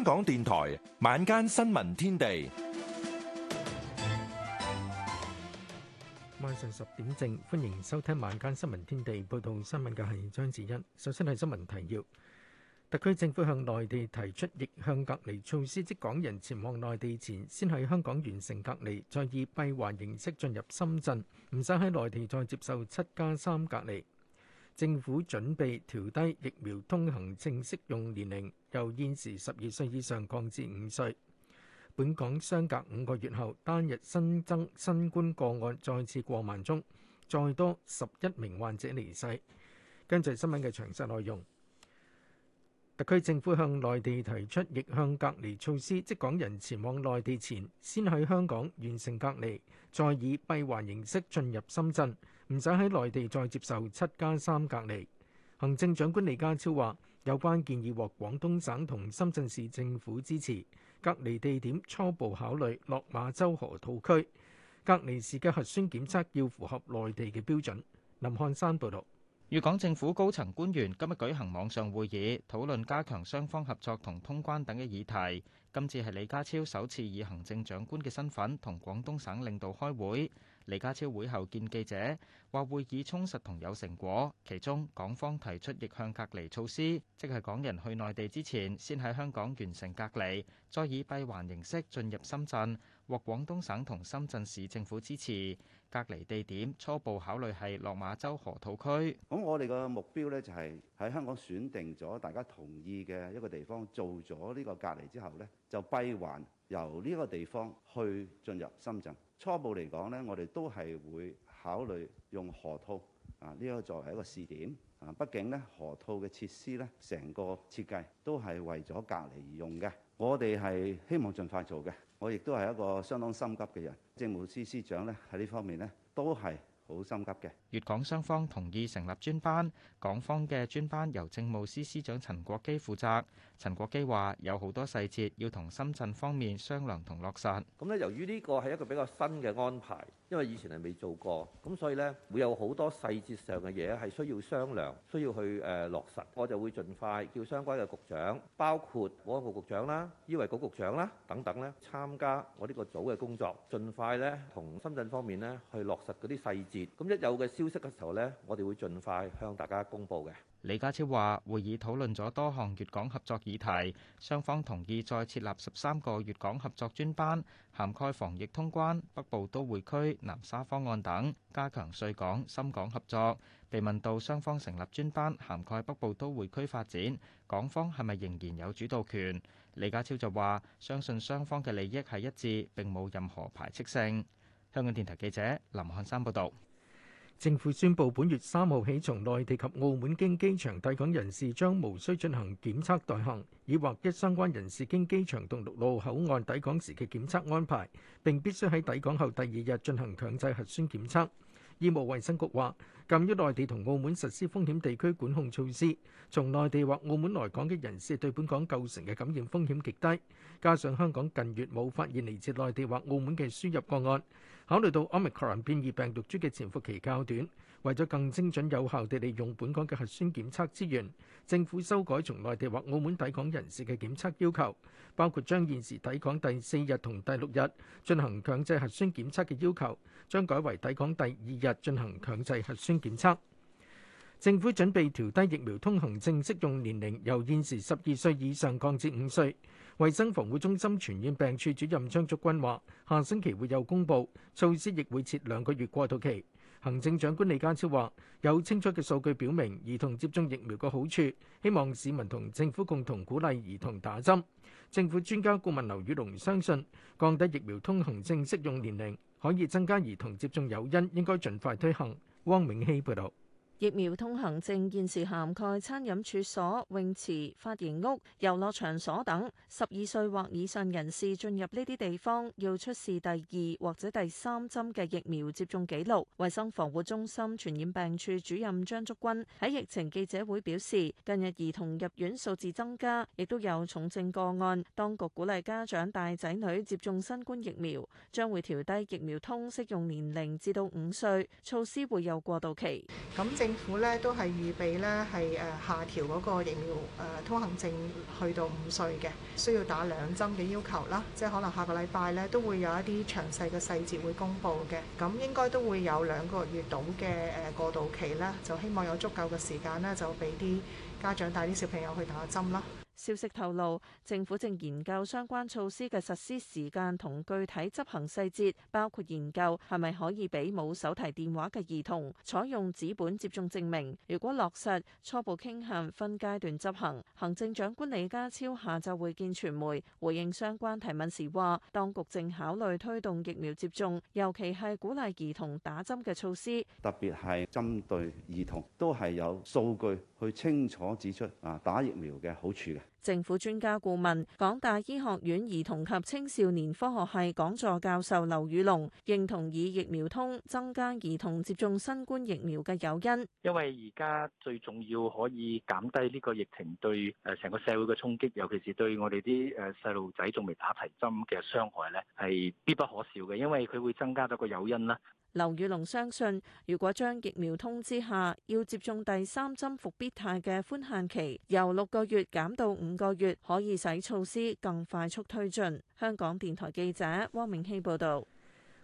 香港電台晚間新聞天地，晚上十點正，歡迎收聽晚間新聞天地。報道新聞嘅係張子欣。首先係新聞提要：特區政府向內地提出逆向隔離措施，即港人前往內地前，先喺香港完成隔離，再以閉環形式進入深圳，唔使喺內地再接受七加三隔離。政府準備調低疫苗通行證適用年齡，由現時十二歲以上降至五歲。本港相隔五個月後，單日新增新冠個案再次過萬宗，再多十一名患者離世。跟住新聞嘅詳細內容。特區政府向內地提出逆向隔離措施，即港人前往內地前，先喺香港完成隔離，再以閉環形式進入深圳。唔使喺內地再接受七加三隔離。行政長官李家超話：有關建議獲廣東省同深圳市政府支持，隔離地點初步考慮落馬洲河套區。隔離時嘅核酸檢測要符合內地嘅標準。林漢山報導。粵港政府高層官員今日舉行網上會議，討論加強雙方合作同通關等嘅議題。今次係李家超首次以行政長官嘅身份同廣東省領導開會。李家超會後見記者，話會議充實同有成果，其中港方提出逆向隔離措施，即係港人去內地之前，先喺香港完成隔離，再以閉環形式進入深圳，獲廣東省同深圳市政府支持。隔離地點初步考慮係落馬洲河套區。咁我哋個目標咧就係喺香港選定咗大家同意嘅一個地方，做咗呢個隔離之後咧，就閉環由呢個地方去進入深圳。初步嚟講咧，我哋都係會考慮用河套啊呢個作為一個試點啊。畢竟咧，河套嘅設施咧，成個設計都係為咗隔離而用嘅。我哋係希望盡快做嘅。我亦都係一個相當心急嘅人。政務司司長咧喺呢方面咧都係好心急嘅，粵港雙方同意成立專班，港方嘅專班由政務司司長陳國基負責，陳國基話有好多細節要同深圳方面商量同落實，咁咧，由於呢個係一個比較新嘅安排。因為以前係未做過，咁所以呢會有好多細節上嘅嘢係需要商量，需要去誒落實。我就會盡快叫相關嘅局長，包括保安局局長啦、醫衞局局長啦等等咧，參加我呢個組嘅工作，盡快咧同深圳方面咧去落實嗰啲細節。咁一有嘅消息嘅時候呢，我哋會盡快向大家公佈嘅。李家超話：會議討論咗多項粵港合作議題，雙方同意再設立十三個粵港合作專班，涵蓋防疫通關、北部都會區、南沙方案等，加強穗港、深港合作。被問到雙方成立專班涵蓋北部都會區發展，港方係咪仍然有主導權？李家超就話：相信雙方嘅利益係一致，並冇任何排斥性。香港電台記者林漢山報導。政府宣布本月三號起，從內地及澳門經機場抵港人士將無需進行檢測代行，以或一相關人士經機場同陸路口岸抵港時嘅檢測安排，並必須喺抵港後第二日進行強制核酸檢測。醫務衛生局話，鑑於內地同澳門實施風險地區管控措施，從內地或澳門來港嘅人士對本港構成嘅感染風險極低，加上香港近月冇發現嚟自內地或澳門嘅輸入個案。考慮到 Omicron 變異病毒株嘅潛伏期較短，為咗更精準有效地利用本港嘅核酸檢測資源，政府修改從內地或澳門抵港人士嘅檢測要求，包括將現時抵港第四日同第六日進行強制核酸檢測嘅要求，將改為抵港第二日進行強制核酸檢測。政府準備調低疫苗通行證適用年齡，由現時十二歲以上降至五歲。衛生防護中心傳染病處主任張竹君話，下星期會有公布措施，亦會設兩個月過渡期。行政長官李家超話，有清楚嘅數據表明兒童接種疫苗嘅好處，希望市民同政府共同鼓勵兒童打針。政府專家顧問劉宇龍相信，降低疫苗通行證適用年齡可以增加兒童接種誘因，應該盡快推行。汪永熙報道。疫苗通行證現時涵蓋餐飲處所、泳池、髮型屋、遊樂場所等。十二歲或以上人士進入呢啲地方，要出示第二或者第三針嘅疫苗接種記錄。衞生防護中心傳染病處主任張竹君喺疫情記者會表示，近日兒童入院數字增加，亦都有重症個案。當局鼓勵家長帶仔女接種新冠疫苗，將會調低疫苗通適用年齡至到五歲，措施會有過渡期。咁政府咧都係預備咧係誒下調嗰個疫苗、呃、通行證去到五歲嘅，需要打兩針嘅要求啦。即係可能下個禮拜咧都會有一啲詳細嘅細節會公佈嘅。咁應該都會有兩個月到嘅誒過渡期啦，就希望有足夠嘅時間咧，就俾啲家長帶啲小朋友去打針啦。消息透露，政府正研究相關措施嘅實施時間同具體執行細節，包括研究係咪可以俾冇手提電話嘅兒童採用紙本接種證明。如果落實，初步傾向分階段執行。行政長官李家超下晝會見傳媒，回應相關提問時話當局正考慮推動疫苗接種，尤其係鼓勵兒童打針嘅措施，特別係針對兒童都係有數據去清楚指出啊，打疫苗嘅好處嘅。政府專家顧問，港大醫學院兒童及青少年科學系講座教授劉宇龍認同以疫苗通增加兒童接種新冠疫苗嘅誘因。因為而家最重要可以減低呢個疫情對誒成個社會嘅衝擊，尤其是對我哋啲誒細路仔仲未打齊針嘅傷害咧，係必不可少嘅。因為佢會增加咗個誘因啦。劉宇龍相信，如果將疫苗通知下要接種第三針復必泰嘅寬限期由六個月減到五個月，可以使措施更快速推進。香港電台記者汪明希報道。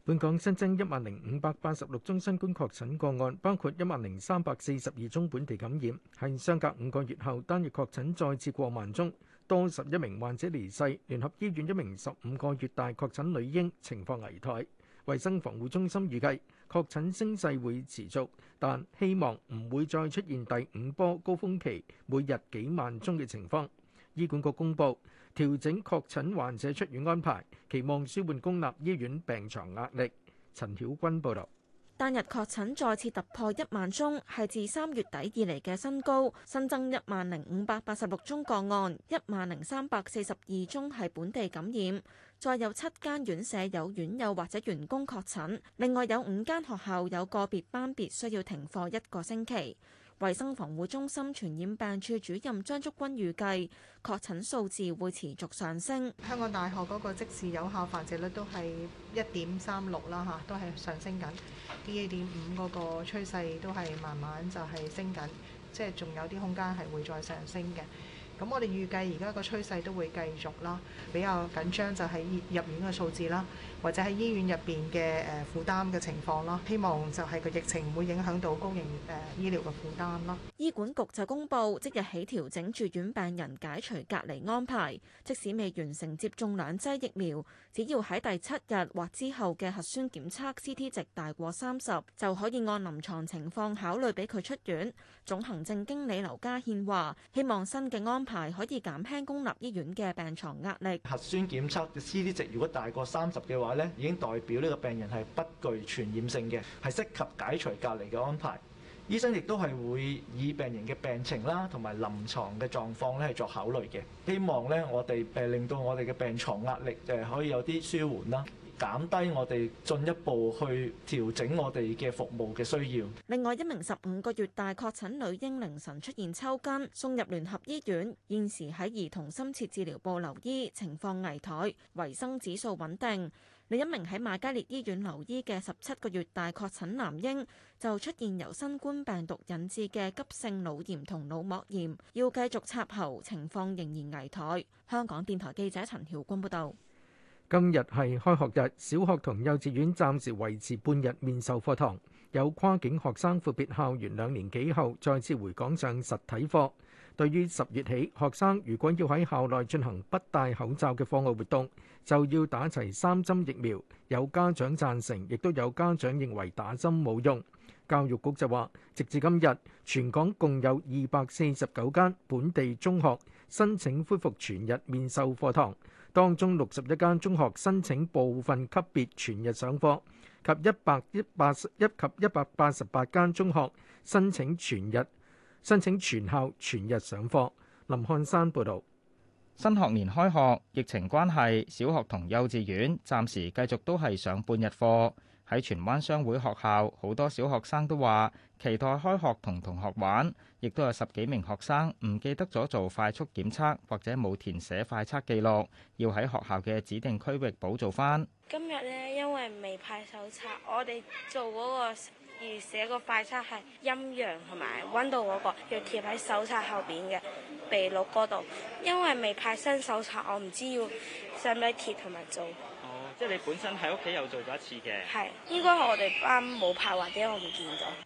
本港新增一萬零五百八十六宗新冠確診個案，包括一萬零三百四十二宗本地感染，係相隔五個月後單日確診再次過萬宗，多十一名患者離世。聯合醫院一名十五個月大確診女嬰情況危殆。衛生防護中心預計確診升勢會持續，但希望唔會再出現第五波高峰期，每日幾萬宗嘅情況。醫管局公佈調整確診患者出院安排，期望舒緩公立醫院病床壓力。陳曉君報導，單日確診再次突破一萬宗，係自三月底以嚟嘅新高，新增一萬零五百八十六宗個案，一萬零三百四十二宗係本地感染。再有七間院舍有院友或者員工確診，另外有五間學校有個別班別需要停課一個星期。衛生防護中心傳染病處主任張竹君預計確診數字會持續上升。香港大學嗰個即時有效繁殖率都係一點三六啦，吓都係上升緊，啲一點五嗰個趨勢都係慢慢就係升緊，即係仲有啲空間係會再上升嘅。咁我哋預計而家個趨勢都會繼續啦，比較緊張就係入院嘅數字啦。或者喺醫院入邊嘅誒負擔嘅情況咯，希望就係個疫情唔會影響到公營誒醫療嘅負擔咯。醫管局就公布即日起調整住院病人解除隔離安排，即使未完成接種兩劑疫苗，只要喺第七日或之後嘅核酸檢測 CT 值大過三十，就可以按臨床情況考慮俾佢出院。總行政經理劉家獻話，希望新嘅安排可以減輕公立醫院嘅病床壓力。核酸檢測 CT 值如果大過三十嘅話，咧已經代表呢個病人係不具傳染性嘅，係適合解除隔離嘅安排。醫生亦都係會以病人嘅病情啦，同埋臨床嘅狀況咧係作考慮嘅。希望咧我哋誒令到我哋嘅病床壓力誒可以有啲舒緩啦，減低我哋進一步去調整我哋嘅服務嘅需要。另外一名十五個月大確診女嬰凌晨出現抽筋，送入聯合醫院，現時喺兒童深切治療部留醫，情況危殆，維生指數穩定。另一名喺瑪嘉烈醫院留醫嘅十七個月大確診男嬰就出現由新冠病毒引致嘅急性腦炎同腦膜炎，要繼續插喉，情況仍然危殆。香港電台記者陳曉君報道，今日係開學日，小學同幼稚園暫時維持半日面授課堂，有跨境學生闊別校園兩年幾後再次回港上實體課。對於十月起，學生如果要喺校內進行不戴口罩嘅課外活動，就要打齊三針疫苗。有家長贊成，亦都有家長認為打針冇用。教育局就話，直至今日，全港共有二百四十九間本地中學申請恢復全日面授課堂，當中六十一間中學申請部分級別全日上課，及一百八十一及一百八十八間中學申請全日申請全校全日上課。林漢山報道，新學年開學，疫情關係，小學同幼稚園暫時繼續都係上半日課。喺荃灣商會學校，好多小學生都話期待開學同同學玩，亦都有十幾名學生唔記得咗做快速檢測，或者冇填寫快測記錄，要喺學校嘅指定區域補做翻。今日呢，因為未派手冊，我哋做嗰個。而寫個快測係陰陽同埋温度嗰，那個，要貼喺手冊後邊嘅記錄嗰度。因為未派新手冊，我唔知要使唔使貼同埋做。哦，即係你本身喺屋企又做咗一次嘅？係，應該我哋班冇派，或者我唔見咗。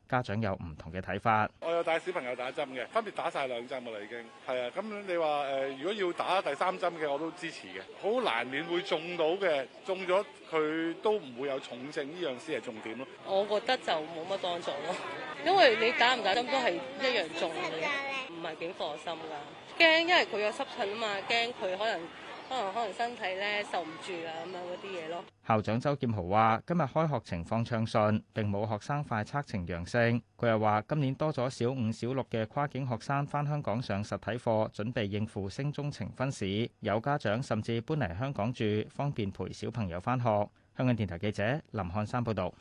家長有唔同嘅睇法。我有帶小朋友打針嘅，分別打晒兩針嘅啦，已經係啊。咁你話誒，如果要打第三針嘅，我都支持嘅。好難免會中到嘅，中咗佢都唔會有重症呢樣先係重點咯。我覺得就冇乜幫助咯，因為你打唔打針都係一樣中嘅，唔係幾放心㗎。驚，因為佢有濕疹啊嘛，驚佢可能。可能可能身體咧受唔住啊，咁樣嗰啲嘢咯。校長周劍豪話：今日開學情況暢順，並冇學生快測呈陽性。佢又話：今年多咗小五、小六嘅跨境學生返香港上實體課，準備應付升中呈分試。有家長甚至搬嚟香港住，方便陪小朋友翻學。香港電台記者林漢山報導。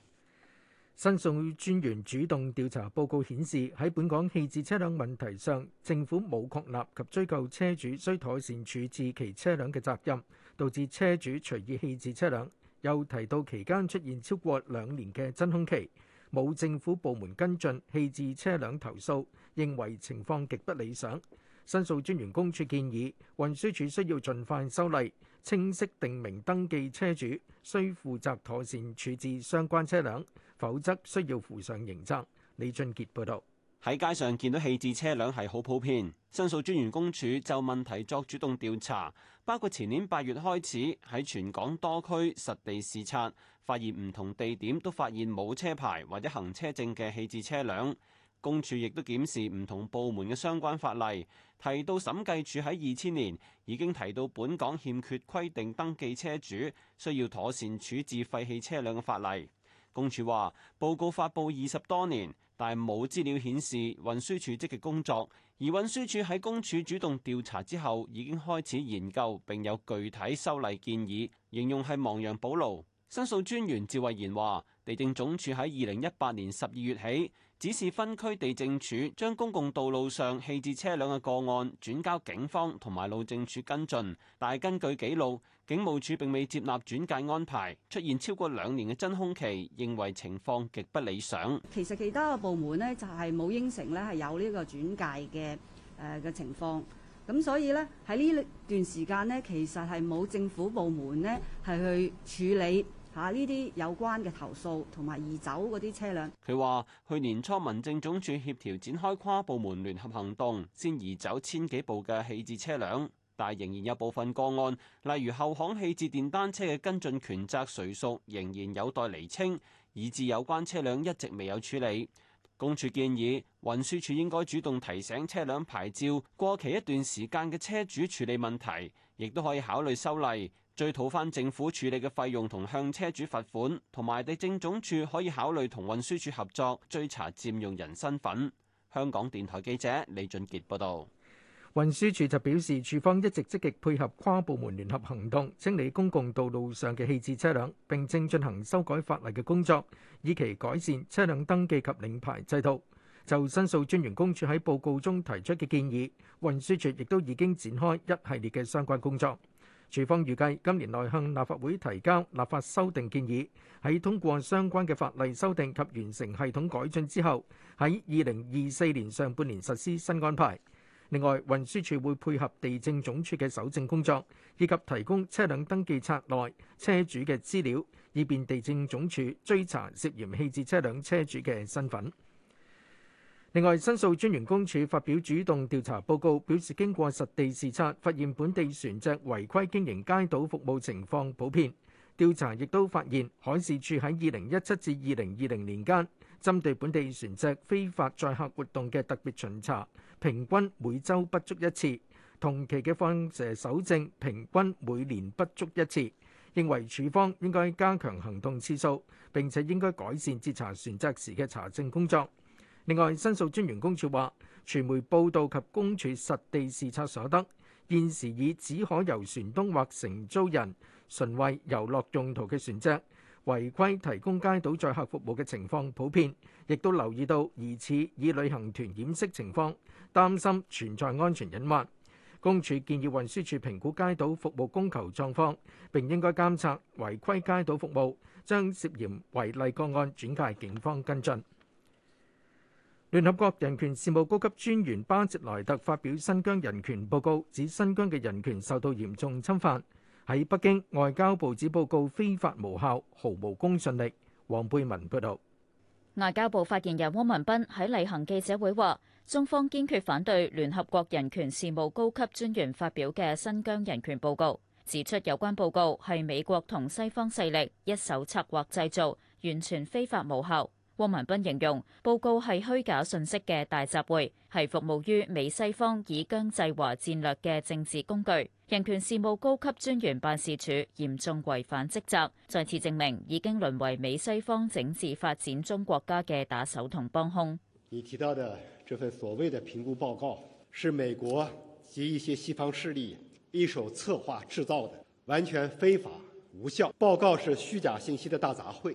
申訴專員主動調查報告顯示，喺本港棄置車輛問題上，政府冇確立及追究車主需妥善處置其車輛嘅責任，導致車主隨意棄置車輛。又提到期間出現超過兩年嘅真空期，冇政府部門跟進棄置車輛投訴，認為情況極不理想。申訴專員公署建議，運輸署需要盡快修例，清晰定明登記車主需負責妥善處置相關車輛。否則需要負上刑責。李俊杰報導，喺街上見到棄置車輛係好普遍。申訴專員公署就問題作主動調查，包括前年八月開始喺全港多區實地視察，發現唔同地點都發現冇車牌或者行車證嘅棄置車輛。公署亦都檢視唔同部門嘅相關法例，提到審計署喺二千年已經提到本港欠缺規定登記車主需要妥善處置廢棄車輛嘅法例。公署話：報告發布二十多年，但冇資料顯示運輸署積極工作。而運輸署喺公署主動調查之後，已經開始研究並有具體修例建議，形容係亡羊補牢。申訴專員趙慧賢話：地政總署喺二零一八年十二月起，指示分區地政處將公共道路上棄置車輛嘅個案轉交警方同埋路政署跟進，但係根據記錄，警務處並未接納轉介安排，出現超過兩年嘅真空期，認為情況極不理想。其實其他嘅部門呢，就係冇應承呢係有呢個轉介嘅誒嘅情況，咁所以呢，喺呢段時間呢，其實係冇政府部門呢，係去處理。下呢啲有關嘅投訴同埋移走嗰啲車輛，佢話去年初民政總署協調展開跨部門聯合行動，先移走千幾部嘅棄置車輛，但仍然有部分個案，例如後巷棄置電單車嘅跟進權責誰屬，仍然有待釐清，以致有關車輛一直未有處理。公署建議運輸署應該主動提醒車輛牌照過期一段時間嘅車主處理問題，亦都可以考慮修例。追討翻政府處理嘅費用同向車主罰款，同埋地政總署可以考慮同運輸署合作追查占用人身份。香港電台記者李俊杰報道。運輸署就表示，署方一直積極配合跨部門聯合行動，清理公共道路上嘅棄置車輛，並正進行修改法例嘅工作，以期改善車輛登記及領牌制度。就申訴專員公署喺報告中提出嘅建議，運輸署亦都已經展開一系列嘅相關工作。署方預計今年內向立法會提交立法修訂建議，喺通過相關嘅法例修訂及完成系統改進之後，喺二零二四年上半年實施新安排。另外，運輸署會配合地政總署嘅搜證工作，以及提供車輛登記冊內車主嘅資料，以便地政總署追查涉嫌棄置車輛車主嘅身份。另外，申訴專員公署發表主動調查報告，表示經過實地視察，發現本地船隻違規經營街渡服務情況普遍。調查亦都發現，海事處喺二零一七至二零二零年間，針對本地船隻非法載客活動嘅特別巡查，平均每周不足一次；同期嘅放蛇搜證，平均每年不足一次。認為處方應該加強行動次數，並且應該改善截查船隻時嘅查證工作。另外，申訴專員公署話，傳媒報道及公署實地視察所得，現時已只可由船東或承租人純為遊樂用途嘅船隻，違規提供街渡載客服務嘅情況普遍，亦都留意到疑似以旅行團掩飾情況，擔心存在安全隱患。公署建議運輸處評估街渡服務供求狀況，並應該監察違規街渡服務，將涉嫌違例個案轉介警方跟進。聯合國人權事務高級專員巴捷萊特發表新疆人權報告，指新疆嘅人權受到嚴重侵犯。喺北京，外交部指報告非法無效，毫無公信力。黃貝文報導。外交部發言人汪文斌喺例行記者會話：中方堅決反對聯合國人權事務高級專員發表嘅新疆人權報告，指出有關報告係美國同西方勢力一手策劃製造，完全非法無效。汪文斌形容報告係虛假信息嘅大雜燴，係服務於美西方以疆制華戰略嘅政治工具。人權事務高級專員辦事處嚴重違反職責，再次證明已經淪為美西方整治發展中國家嘅打手同幫兇。你提到的這份所謂的評估報告，是美國及一些西方勢力一手策劃製造的，完全非法無效。報告是虛假信息嘅大雜燴。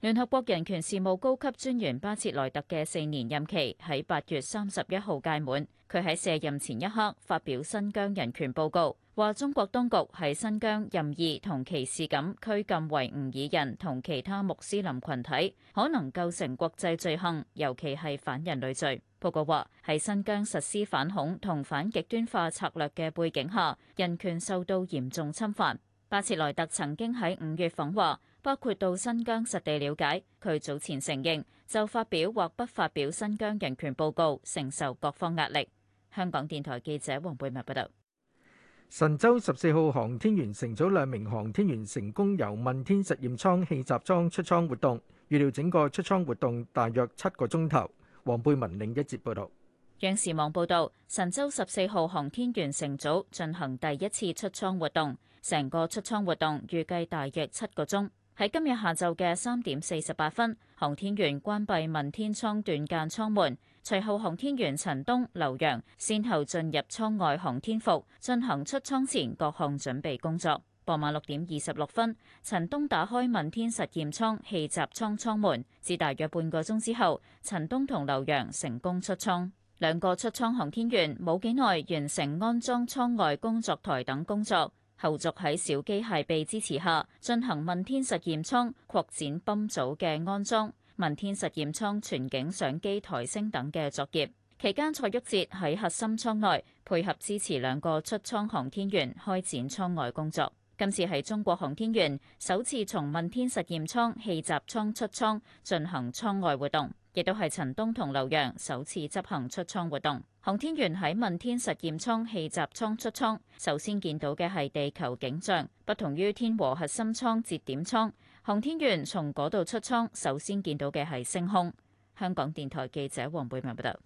聯合國人權事務高級專員巴切萊特嘅四年任期喺八月三十一號屆滿，佢喺卸任前一刻發表新疆人權報告，話中國當局喺新疆任意同歧視噉拘禁維吾爾人同其他穆斯林群體，可能構成國際罪行，尤其係反人類罪。報告話喺新疆實施反恐同反極端化策略嘅背景下，人權受到嚴重侵犯。巴切萊特曾經喺五月訪華。包括到新疆實地了解，佢早前承認就發表或不發表新疆人權報告，承受各方壓力。香港電台記者黃貝文報道。神舟十四號航天員乘組兩名航天員成功由問天實驗艙氣閘艙出艙活動，預料整個出艙活動大約七個鐘頭，黃貝文另一節報道。央視網報道，神舟十四號航天員乘組進行第一次出艙活動，成個出艙活動預計大約七個鐘。喺今日下晝嘅三點四十八分，航天員關閉問天艙段間艙門，隨後航天員陳冬、劉洋先後進入艙外航天服，進行出艙前各項準備工作。傍晚六點二十六分，陳冬打開問天實驗艙氣閘艙艙門，至大約半個鐘之後，陳冬同劉洋成功出艙。兩個出艙航天員冇幾耐完成安裝艙外工作台等工作。後續喺小機械臂支持下，進行問天實驗艙擴展泵組嘅安裝、問天實驗艙全景相機抬升等嘅作業。期間，蔡旭哲喺核心艙內配合支持兩個出艙航天員開展艙外工作。今次係中國航天員首次從問天實驗艙氣閘艙出艙進行艙外活動。亦都係陳東同劉洋首次執行出艙活動。航天員喺問天實驗艙氣閘艙出艙，首先見到嘅係地球景象。不同於天和核心艙節點艙，航天員從嗰度出艙，首先見到嘅係星空。香港電台記者黃貝文報道。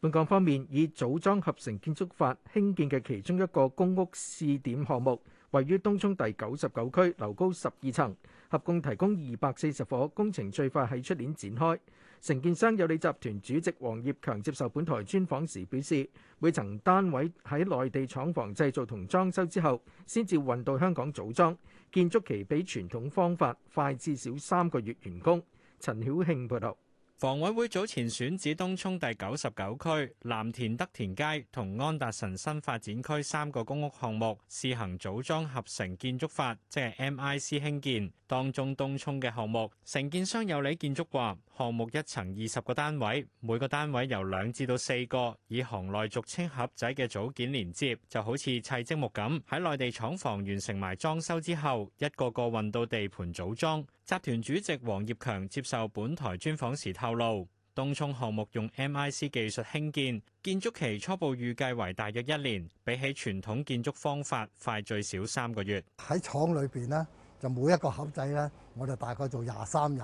本港方面以組裝合成建築法興建嘅其中一個公屋試點項目，位於東涌第九十九區，樓高十二層。合共提供二百四十伙，工程最快喺出年展開。承建商有利集團主席黃業強接受本台專訪時表示，每層單位喺內地廠房製造同裝修之後先至運到香港組裝，建築期比傳統方法快至少三個月完工。陳曉慶報導。房委會早前選址東涌第九十九區、藍田德田街同安達臣新發展區三個公屋項目試行組裝合成建築法，即係 MiC 興建。當中東涌嘅項目，承建商有利建築話，項目一層二十個單位，每個單位由兩至到四個以行內俗稱盒仔嘅組件連接，就好似砌積木咁。喺內地廠房完成埋裝修之後，一個個運到地盤組裝。集團主席黃業強接受本台專訪時透露，東涌項目用 M I C 技術興建，建築期初步預計為大約一年，比起傳統建築方法快最少三個月。喺廠裏邊呢，就每一個盒仔呢，我哋大概做廿三日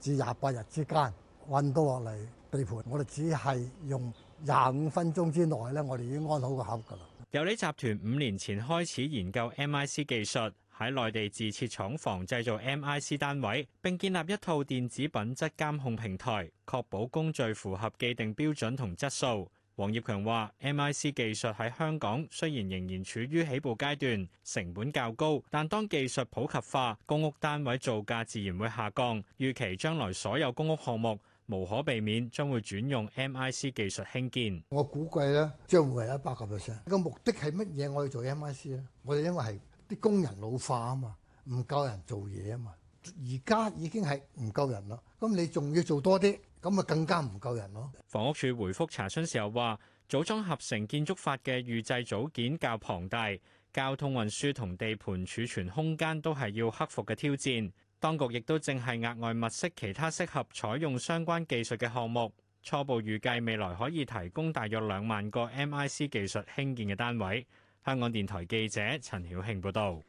至廿八日之間運到落嚟地盤，我哋只係用廿五分鐘之內呢，我哋已經安好個盒噶啦。有利集團五年前開始研究 M I C 技術。喺內地自設廠房製造 M I C 單位，並建立一套電子品質監控平台，確保工序符合既定標準同質素。黃業強話：M I C 技術喺香港雖然仍然處於起步階段，成本較高，但當技術普及化，公屋單位造價自然會下降。預期將來所有公屋項目無可避免將會轉用 M I C 技術興建。我估計咧，將會係一百個 percent。個目的係乜嘢？我要做 M I C 咧，我哋因為係。啲工人老化啊嘛，唔夠人做嘢啊嘛，而家已經係唔夠人咯，咁你仲要做多啲，咁咪更加唔夠人咯。房屋署回覆查詢時候話，組裝合成建築法嘅預製組件較龐大，交通運輸同地盤儲存空間都係要克服嘅挑戰。當局亦都正係額外物色其他適合採用相關技術嘅項目。初步預計未來可以提供大約兩萬個 MIC 技術興建嘅單位。香港電台記者陳曉慶報道，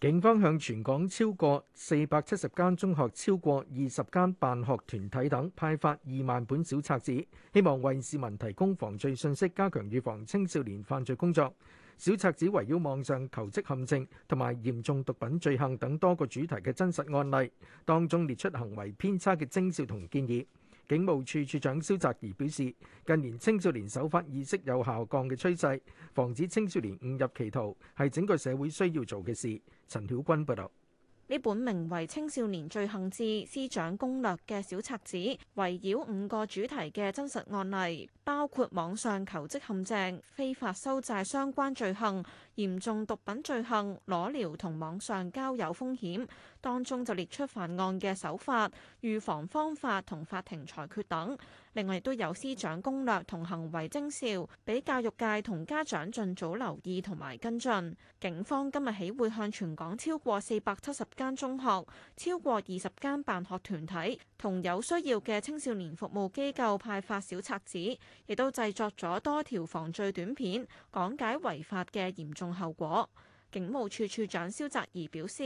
警方向全港超過四百七十間中學、超過二十間辦學團體等派發二萬本小冊子，希望為市民提供防罪信息，加強預防青少年犯罪工作。小冊子圍繞網上求職陷阱同埋嚴重毒品罪行等多個主題嘅真實案例，當中列出行為偏差嘅徵兆同建議。警務處處長蕭澤頤表示，近年青少年守法意識有下降嘅趨勢，防止青少年誤入歧途係整個社會需要做嘅事。陳曉君報道，呢本名為《青少年罪行志師長攻略》嘅小冊子，圍繞五個主題嘅真實案例，包括網上求職陷阱、非法收債相關罪行。嚴重毒品罪行、裸聊同網上交友風險，當中就列出犯案嘅手法、預防方法同法庭裁決等。另外亦都有師長攻略同行為徵兆，俾教育界同家長盡早留意同埋跟進。警方今日起會向全港超過四百七十間中學、超過二十間辦學團體同有需要嘅青少年服務機構派發小冊子，亦都製作咗多條防罪短片，講解違法嘅嚴重。後果，警務處處長蕭澤頤表示，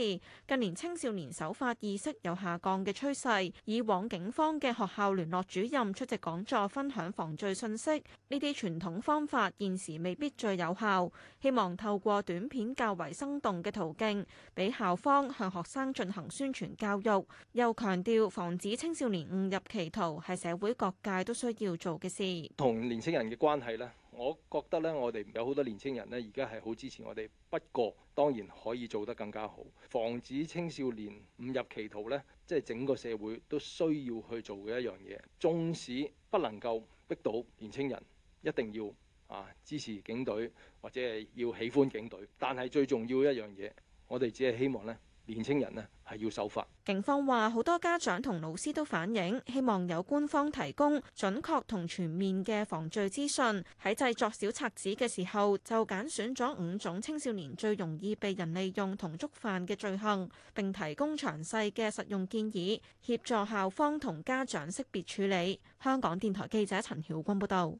近年青少年守法意識有下降嘅趨勢，以往警方嘅學校聯絡主任出席講座分享防罪信息，呢啲傳統方法現時未必最有效，希望透過短片較為生動嘅途徑，俾校方向學生進行宣傳教育。又強調，防止青少年誤入歧途係社會各界都需要做嘅事，同年輕人嘅關係咧。我覺得咧，我哋有好多年青人咧，而家係好支持我哋。不過當然可以做得更加好，防止青少年誤入歧途咧，即係整個社會都需要去做嘅一樣嘢。縱使不能夠逼到年青人一定要啊支持警隊，或者係要喜歡警隊，但係最重要一樣嘢，我哋只係希望咧。年青人呢，係要守法。警方話好多家長同老師都反映，希望有官方提供準確同全面嘅防罪資訊。喺製作小冊子嘅時候，就揀選咗五種青少年最容易被人利用同觸犯嘅罪行，並提供詳細嘅實用建議，協助校方同家長識別處理。香港電台記者陳曉君報道。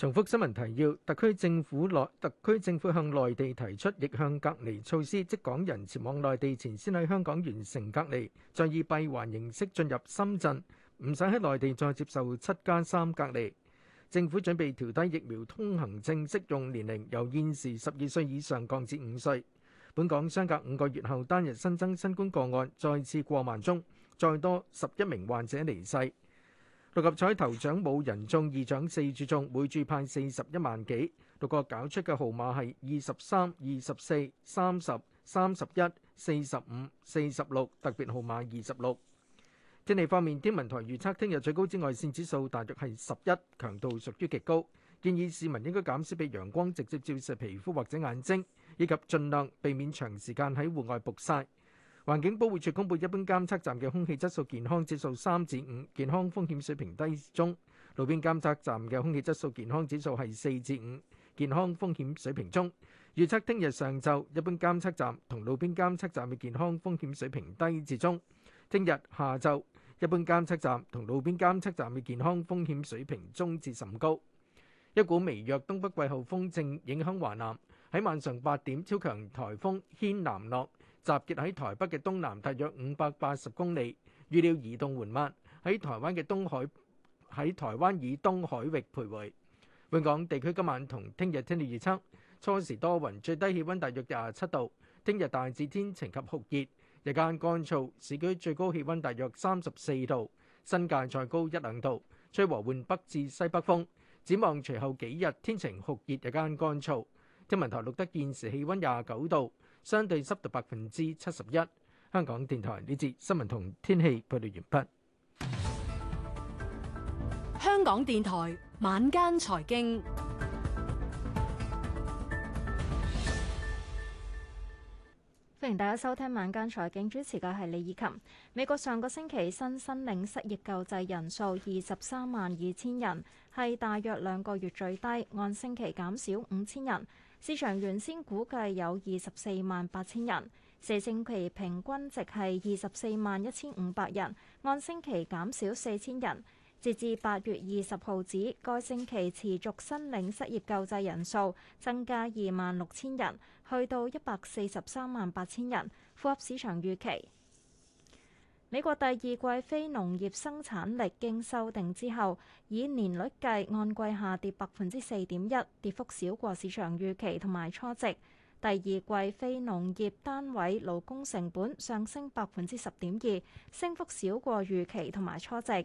重複新聞提要：特區政府內，特區政府向內地提出逆向隔離措施，即港人前往內地前先喺香港完成隔離，再以閉環形式進入深圳，唔使喺內地再接受七加三隔離。政府準備調低疫苗通行證適用年齡，由現時十二歲以上降至五歲。本港相隔五個月後單日新增新冠個案再次過萬宗，再多十一名患者離世。六合彩頭獎冇人中，二獎四注中，每注派四十一萬幾。六個搞出嘅號碼係二十三、二十四、三十、三十一、四十五、四十六，特別號碼二十六。天氣方面，天文台預測聽日最高紫外線指數大約係十一，強度屬於極高，建議市民應該減少被陽光直接照射皮膚或者眼睛，以及盡量避免長時間喺戶外曝曬。環境保護署公布一般監測站嘅空氣質素健康指數三至五，健康風險水平低至中；路邊監測站嘅空氣質素健康指數係四至五，健康風險水平中。預測聽日上晝，一般監測站同路邊監測站嘅健康風險水平低至中；聽日下晝，一般監測站同路邊監測站嘅健康風險水平中至甚高。一股微弱東北季候風正影響華南，喺晚上八點，超強颱風軒嵐諾。集結喺台北嘅東南，大約五百八十公里，預料移動緩慢，喺台灣嘅東海喺台灣以東海域徘徊。本港地區今晚同聽日天氣預測，初時多雲，最低氣溫大約廿七度；聽日大致天晴及酷熱，日間乾燥，市區最高氣溫大約三十四度，新界再高一兩度，吹和緩北至西北風。展望隨後幾日天晴酷熱，日間乾燥。天文台錄得現時氣溫廿九度。相對濕度百分之七十一。香港電台呢節新聞同天氣報道完畢。香港電台晚間財經，歡迎大家收聽晚間財經，主持嘅係李以琴。美國上個星期新申領失業救濟人數二十三萬二千人，係大約兩個月最低，按星期減少五千人。市場原先估計有二十四萬八千人，四星期平均值係二十四萬一千五百人，按星期減少四千人。截至八月二十號止，該星期持續申領失業救濟人數增加二萬六千人，去到一百四十三萬八千人，符合市場預期。美國第二季非農業生產力經修訂之後，以年率計按季下跌百分之四點一，跌幅少過市場預期同埋初值。第二季非農業單位勞工成本上升百分之十點二，升幅少過預期同埋初值。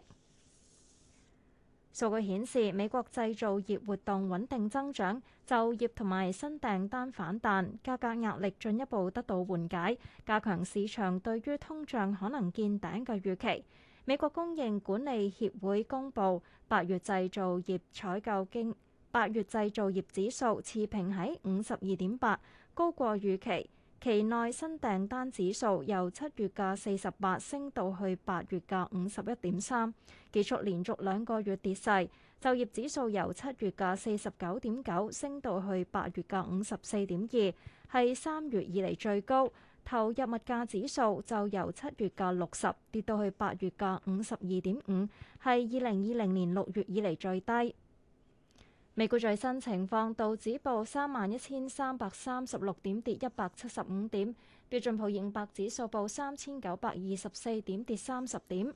數據顯示，美國製造業活動穩定增長，就業同埋新訂單反彈，價格壓力進一步得到緩解，加強市場對於通脹可能見頂嘅預期。美國供應管理協會公佈八月製造業採購經，八月製造業指數持平喺五十二點八，高過預期。期內新訂單指數由七月嘅四十八升到去八月嘅五十一點三，結束連續兩個月跌勢。就業指數由七月嘅四十九點九升到去八月嘅五十四點二，係三月以嚟最高。投入物價指數就由七月嘅六十跌到去八月嘅五十二點五，係二零二零年六月以嚟最低。美股最新情況，道指報三萬一千三百三十六點，跌一百七十五點；標準普爾五百指數報三千九百二十四點，跌三十點。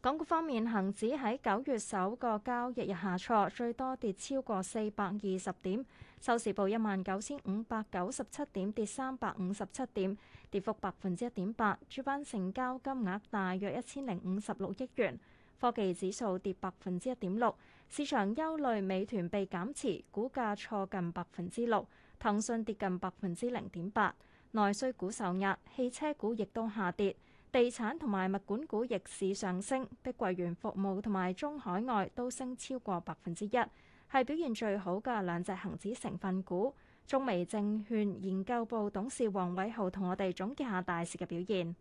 港股方面，恒指喺九月首個交易日下挫，最多跌超過四百二十點，收市報一萬九千五百九十七點，跌三百五十七點，跌幅百分之一點八。主板成交金額大約一千零五十六億元，科技指數跌百分之一點六。市場憂慮美團被減持，股價挫近百分之六；騰訊跌近百分之零點八；內需股受壓，汽車股亦都下跌；地產同埋物管股逆市上升，碧桂園服務同埋中海外都升超過百分之一，係表現最好嘅兩隻恒指成分股。中美證券研究部董事王偉豪同我哋總結下大市嘅表現。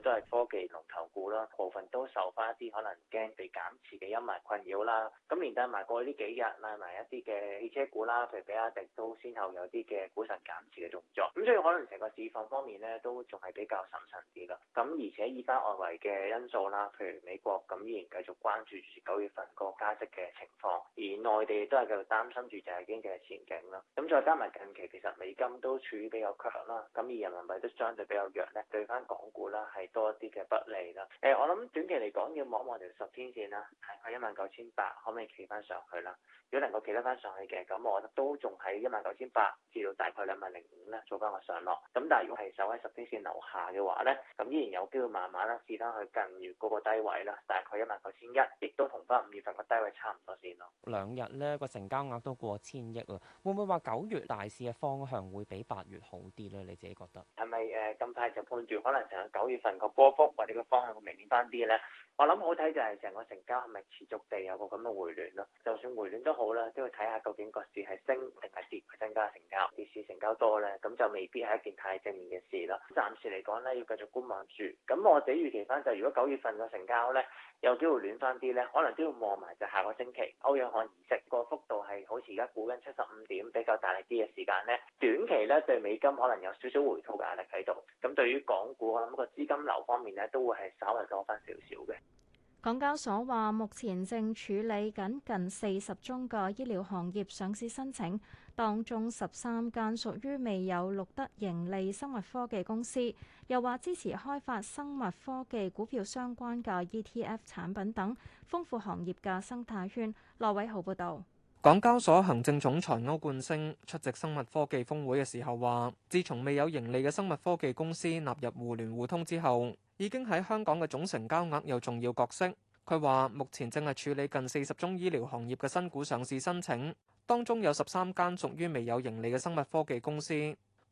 都係科技龍頭股啦，部分都受翻一啲可能驚被減持嘅陰霾困擾啦。咁連帶埋過去呢幾日，啦，埋一啲嘅汽車股啦，譬如比亞迪都先後有啲嘅股神減持嘅動作。咁所以可能成個市況方面咧，都仲係比較審慎啲噶。咁而且依家外圍嘅因素啦，譬如美國咁依然繼續關注住九月份嗰個加息嘅情況，而內地都係繼續擔心住就係經濟嘅前景啦。咁再加埋近期其實美金都處於比較強啦，咁而人民幣都相對比較弱咧，對翻港股啦。係多啲嘅不利咯。誒，我諗短期嚟講，要望望條十天線啦，大概一萬九千八，可唔可以企翻上去啦？如果能夠企得翻上去嘅，咁我覺得都仲喺一萬九千八至到大概兩萬零五咧，做翻個上落。咁但係如果係守喺十天線樓下嘅話咧，咁依然有機會慢慢啦，試翻去近月嗰個低位啦，大概一萬九千一，亦都同翻五月份嘅低位差唔多先咯。兩日咧，個成交額都過千億啊！會唔會話九月大市嘅方向會比八月好啲咧？你自己覺得？係咪誒？咁快就判斷可能成個九月份。能夠波幅或者個方向會明顯翻啲咧。我諗好睇就係成個成交係咪持續地有個咁嘅回暖咯。就算回暖都好啦，都要睇下究竟個市係升定係跌，增加成交，跌市成交多咧，咁就未必係一件太正面嘅事咯。暫時嚟講咧，要繼續觀望住。咁我自己預期翻就，如果九月份個成交咧有機會暖翻啲咧，可能都要望埋就下個星期歐央行議息個幅度係好似而家估緊七十五點比較大力啲嘅時間咧，短期咧對美金可能有少少回吐嘅壓力喺度。咁對於港股，我諗個資金流方面咧都會係稍微多翻少少嘅。港交所話，目前正處理緊近四十宗嘅醫療行業上市申請，當中十三間屬於未有錄得盈利生物科技公司。又話支持開發生物科技股票相關嘅 ETF 產品等，豐富行業嘅生態圈。羅偉豪報導。港交所行政總裁歐冠昇出席生物科技峰會嘅時候話，自從未有盈利嘅生物科技公司納入互聯互通之後，已經喺香港嘅總成交額有重要角色。佢話目前正係處理近四十宗醫療行業嘅新股上市申請，當中有十三間屬於未有盈利嘅生物科技公司。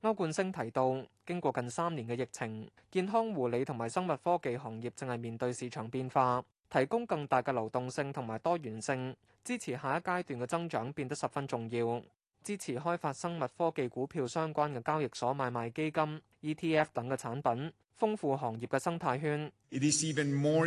歐冠昇提到，經過近三年嘅疫情，健康護理同埋生物科技行業正係面對市場變化。提供更大嘅流動性同埋多元性，支持下一階段嘅增長變得十分重要。支持開發生物科技股票相關嘅交易所買賣基金、ETF 等嘅產品，豐富行業嘅生態圈。It is even more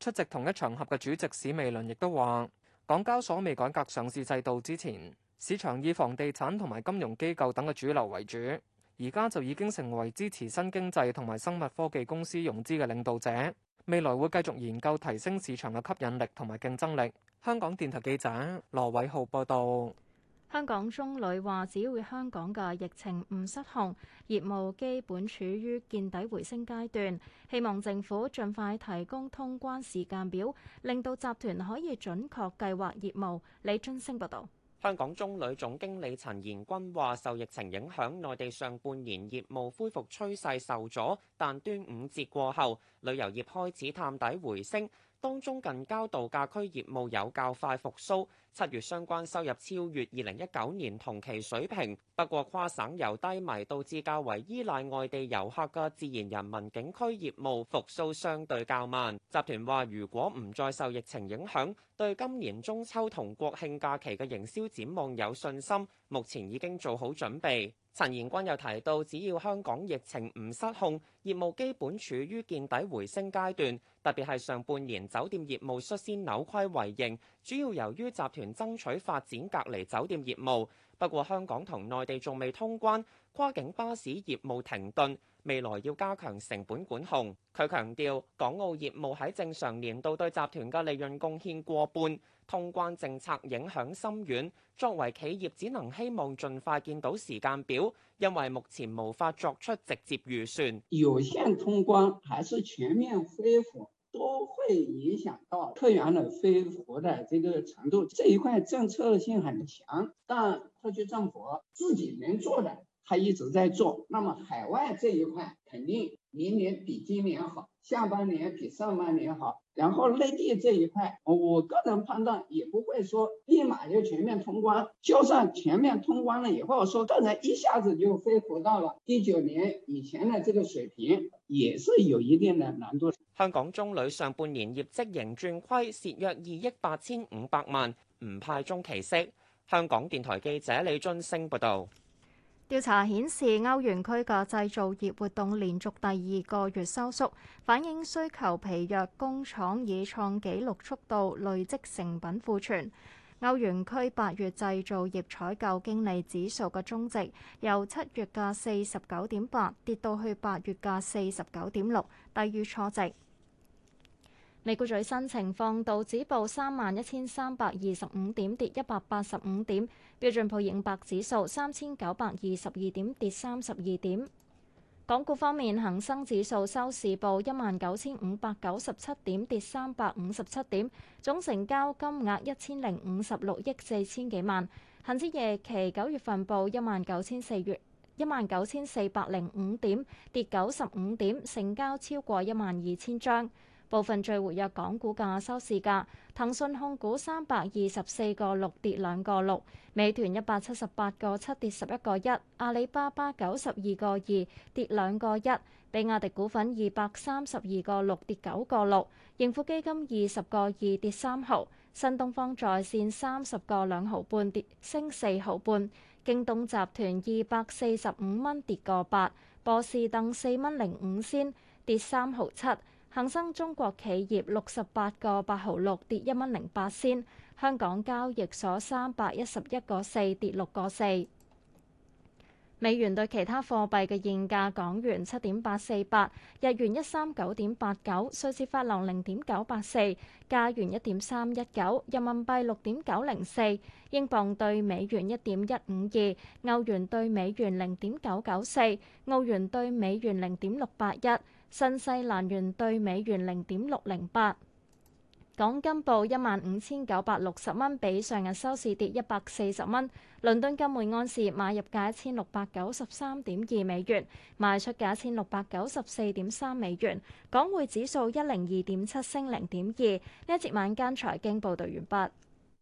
出席同一場合嘅主席史美倫亦都話：港交所未改革上市制度之前，市場以房地產同埋金融機構等嘅主流為主，而家就已經成為支持新經濟同埋生物科技公司融資嘅領導者。未來會繼續研究提升市場嘅吸引力同埋競爭力。香港電台記者羅偉浩報道。香港中旅話：只要香港嘅疫情唔失控，業務基本處於見底回升階段。希望政府盡快提供通關時間表，令到集團可以準確計劃業務。李津升報道。香港中旅總經理陳延君話：受疫情影響，內地上半年業務恢復趨勢受阻，但端午節過後，旅遊業開始探底回升。當中近郊度假區業務有較快復甦，七月相關收入超越二零一九年同期水平。不過，跨省遊低迷導致較為依賴外地遊客嘅自然人文景區業務復甦相對較慢。集團話：如果唔再受疫情影響，對今年中秋同國慶假期嘅營銷展望有信心，目前已經做好準備。陳延君又提到，只要香港疫情唔失控，業務基本處於見底回升階段。特別係上半年酒店業務率先扭虧為盈，主要由於集團爭取發展隔離酒店業務。不過，香港同內地仲未通關，跨境巴士業務停頓。未來要加強成本管控。佢強調，港澳業務喺正常年度對集團嘅利潤貢獻過半，通關政策影響深遠。作為企業，只能希望盡快見到時間表，因為目前無法作出直接預算。有限通關還是全面恢復，都會影響到客源恢復嘅這個程度。這一塊政策性很強，但特區政府自己能做的。他一直在做，那麼海外這一塊肯定明年比今年好，下半年比上半年好。然後內地這一塊，我個人判斷也不會說立馬就全面通關，就算全面通關了，也不說突然一下子就恢復到了一九年以前的這個水平，也是有一定的難度。香港中旅上半年業績盈轉虧，蝕約二億八千五百萬，唔派中期息。香港電台記者李俊升報道。調查顯示，歐元區嘅製造業活動連續第二個月收縮，反映需求疲弱，工廠以創紀錄速度累積成品庫存。歐元區八月製造業採購經理指數嘅中值由七月嘅四十九點八跌到去八月嘅四十九點六，低於初值。美股最新情況，道指報三萬一千三百二十五點，跌一百八十五點；標準普爾五百指數三千九百二十二點，跌三十二點。港股方面，恒生指數收市報一萬九千五百九十七點，跌三百五十七點，總成交金額一千零五十六億四千幾萬。恆指夜期九月份報一萬九千四月一萬九千四百零五點，跌九十五點，成交超過一萬二千張。部分最活躍港股價、收市價，騰訊控股三百二十四個六跌兩個六，美團一百七十八個七跌十一個一，阿里巴巴九十二個二跌兩個一，比亞迪股份二百三十二個六跌九個六，盈富基金二十個二跌三毫，新東方在線三十個兩毫半跌升四毫半，京東集團二百四十五蚊跌個八，波司登四蚊零五仙跌三毫七。恒生中國企業六十八個八毫六跌一蚊零八仙，香港交易所三百一十一個四跌六個四。美元對其他貨幣嘅現價：港元七點八四八，日元一三九點八九，瑞士法郎零點九八四，加元一點三一九，人民幣六點九零四，英鎊對美元一點一五二，歐元對美元零點九九四，澳元對美元零點六八一。新西蘭元對美元零點六零八，港金報一萬五千九百六十蚊，比上日收市跌一百四十蚊。倫敦金每安士買入價一千六百九十三點二美元，賣出價一千六百九十四點三美元。港匯指數一零二點七升零點二。呢一節晚間財經報導完畢。